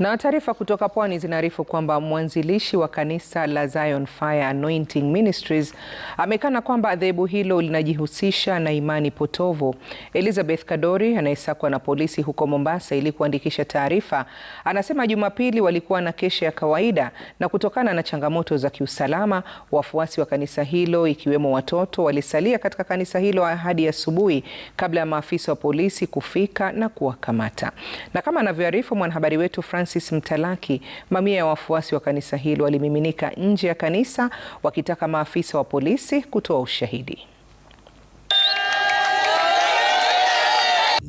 Na taarifa kutoka Pwani zinaarifu kwamba mwanzilishi wa kanisa la Zion Fire Anointing Ministries amekana kwamba dhehebu hilo linajihusisha na imani potovu. Elizabeth Kadori anayesakwa na polisi huko Mombasa ili kuandikisha taarifa, anasema Jumapili walikuwa na kesha ya kawaida na kutokana na changamoto za kiusalama, wafuasi wa kanisa hilo ikiwemo watoto walisalia katika kanisa hilo hadi asubuhi kabla ya maafisa wa polisi kufika na kuwakamata. Na kama anavyoarifu mwanahabari wetu Francis Francis Mtalaki, mamia ya wafuasi wa kanisa hilo walimiminika nje ya kanisa wakitaka maafisa wa polisi kutoa ushahidi.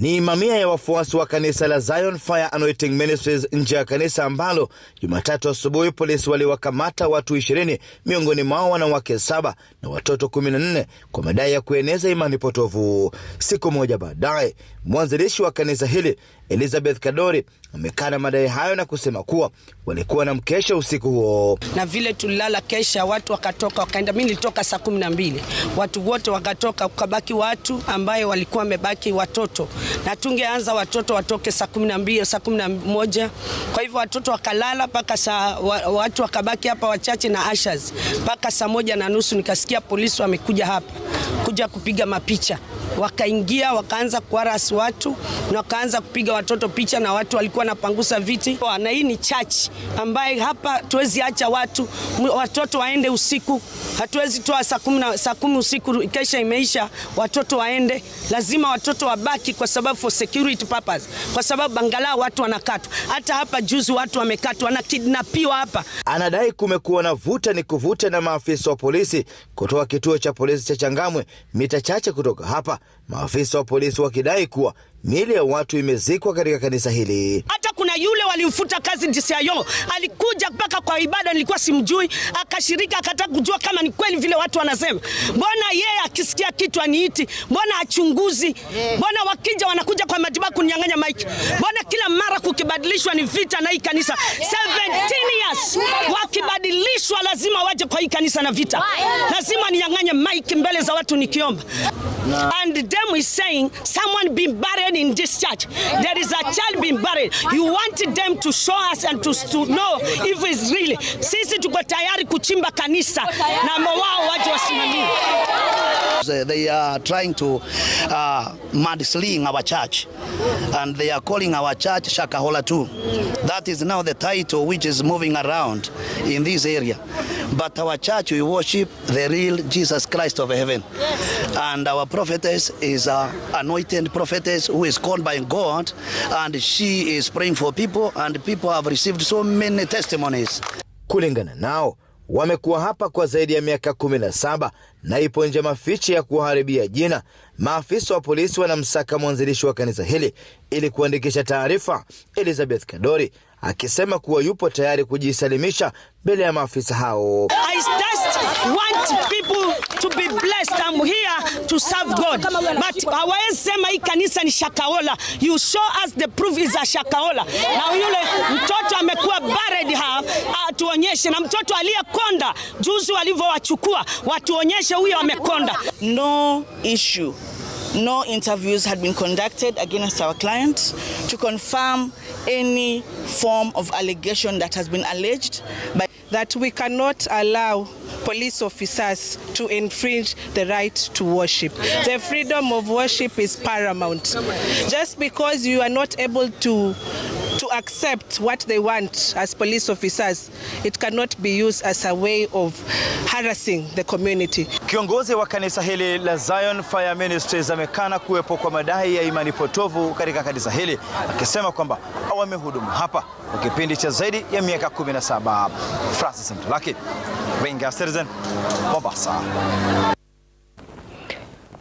ni mamia ya wafuasi wa kanisa la Zion Fire Anointing Ministries nje ya kanisa ambalo Jumatatu asubuhi polisi waliwakamata watu ishirini, miongoni mwao wanawake saba na watoto kumi na nne kwa madai ya kueneza imani potovu. Siku moja baadaye, mwanzilishi wa kanisa hili Elizabeth Kadori amekana madai hayo na kusema kuwa walikuwa na mkesha usiku huo. Na vile tulilala kesha, watu wakatoka wakaenda, mi nilitoka saa kumi na mbili, watu wote wakatoka, kukabaki watu ambaye walikuwa wamebaki watoto na tungeanza watoto watoke saa kumi na mbili saa kumi na moja kwa hivyo watoto wakalala mpaka saa wa, watu wakabaki hapa wachache na ashes mpaka saa moja na nusu nikasikia polisi wamekuja hapa kuja kupiga mapicha wakaingia wakaanza kuaras watu na wakaanza kupiga watoto picha, na watu walikuwa wanapangusa viti. Na hii ni church ambaye hapa tuwezi acha watu watoto waende usiku, hatuwezi toa saa kumi usiku, kesha imeisha, watoto waende, lazima watoto wabaki kwa sababu sababu for security purpose, kwa sababu Bangalaa watu wanakatwa. Hata hapa juzi watu wamekatwa, wanakidnapiwa hapa. Anadai kumekuwa na vuta ni kuvuta na maafisa wa polisi kutoka kituo cha polisi cha Changamwe, mita chache kutoka hapa, maafisa wa polisi wakidai kuwa miili ya watu imezikwa katika kanisa hili hata kuna yule walimfuta kazi DCIO, alikuja mpaka kwa ibada, nilikuwa simjui, akashirika akataka kujua kama ni kweli vile watu wanasema. Mbona yeye akisikia kitu aniiti? Mbona achunguzi? Eh. Mbona wakija wana matibabu kunyang'anya maiki. Mbona kila mara kukibadilishwa ni vita na hii kanisa? 17 years wakibadilishwa lazima waje kwa hii kanisa na vita. Lazima ninyang'anye maiki mbele za watu nikiomba. And them is saying someone been buried in this church. There is a child been buried. You want them to show us and to, to know if it's really. Sisi tuko tayari kuchimba kanisa na wao waje wasimamie. Uh, they are trying to uh, mudsling our church and they are calling our church Shakahola too. That is now the title which is moving around in this area. But our church, we worship the real Jesus Christ of heaven. Yes. And our prophetess is an anointed prophetess who is called by God and she is praying for people and people have received so many testimonies. Kulingana nao wamekuwa hapa kwa zaidi ya miaka 17 na ipo njama fiche ya kuwaharibia jina. Maafisa wa polisi wanamsaka mwanzilishi wa kanisa hili ili kuandikisha taarifa Elizabeth Kadori akisema kuwa yupo tayari kujisalimisha mbele ya maafisa hao. Hawawezi sema hii kanisa ni shakaola. You show us the proof is a shakaola. Na yule mtoto amekuwa buried hapa, atuonyeshe. Na mtoto aliyekonda juzi walivyowachukua, watuonyeshe huyo amekonda. No issue no interviews had been conducted against our client to confirm any form of allegation that has been alleged by that we cannot allow police officers to infringe the right to worship. The freedom of worship is paramount. Just because you are not able to to accept what they want as police officers, it cannot be used as a way of harassing the community. Kiongozi wa kanisa hili la Zion Fire Ministries amekana kuwepo kwa madai ya imani potovu katika kanisa hili akisema kwamba wamehudumu hapa kwa kipindi cha zaidi ya miaka 17. Francis Mtalaki, Winga Citizen, Mombasa.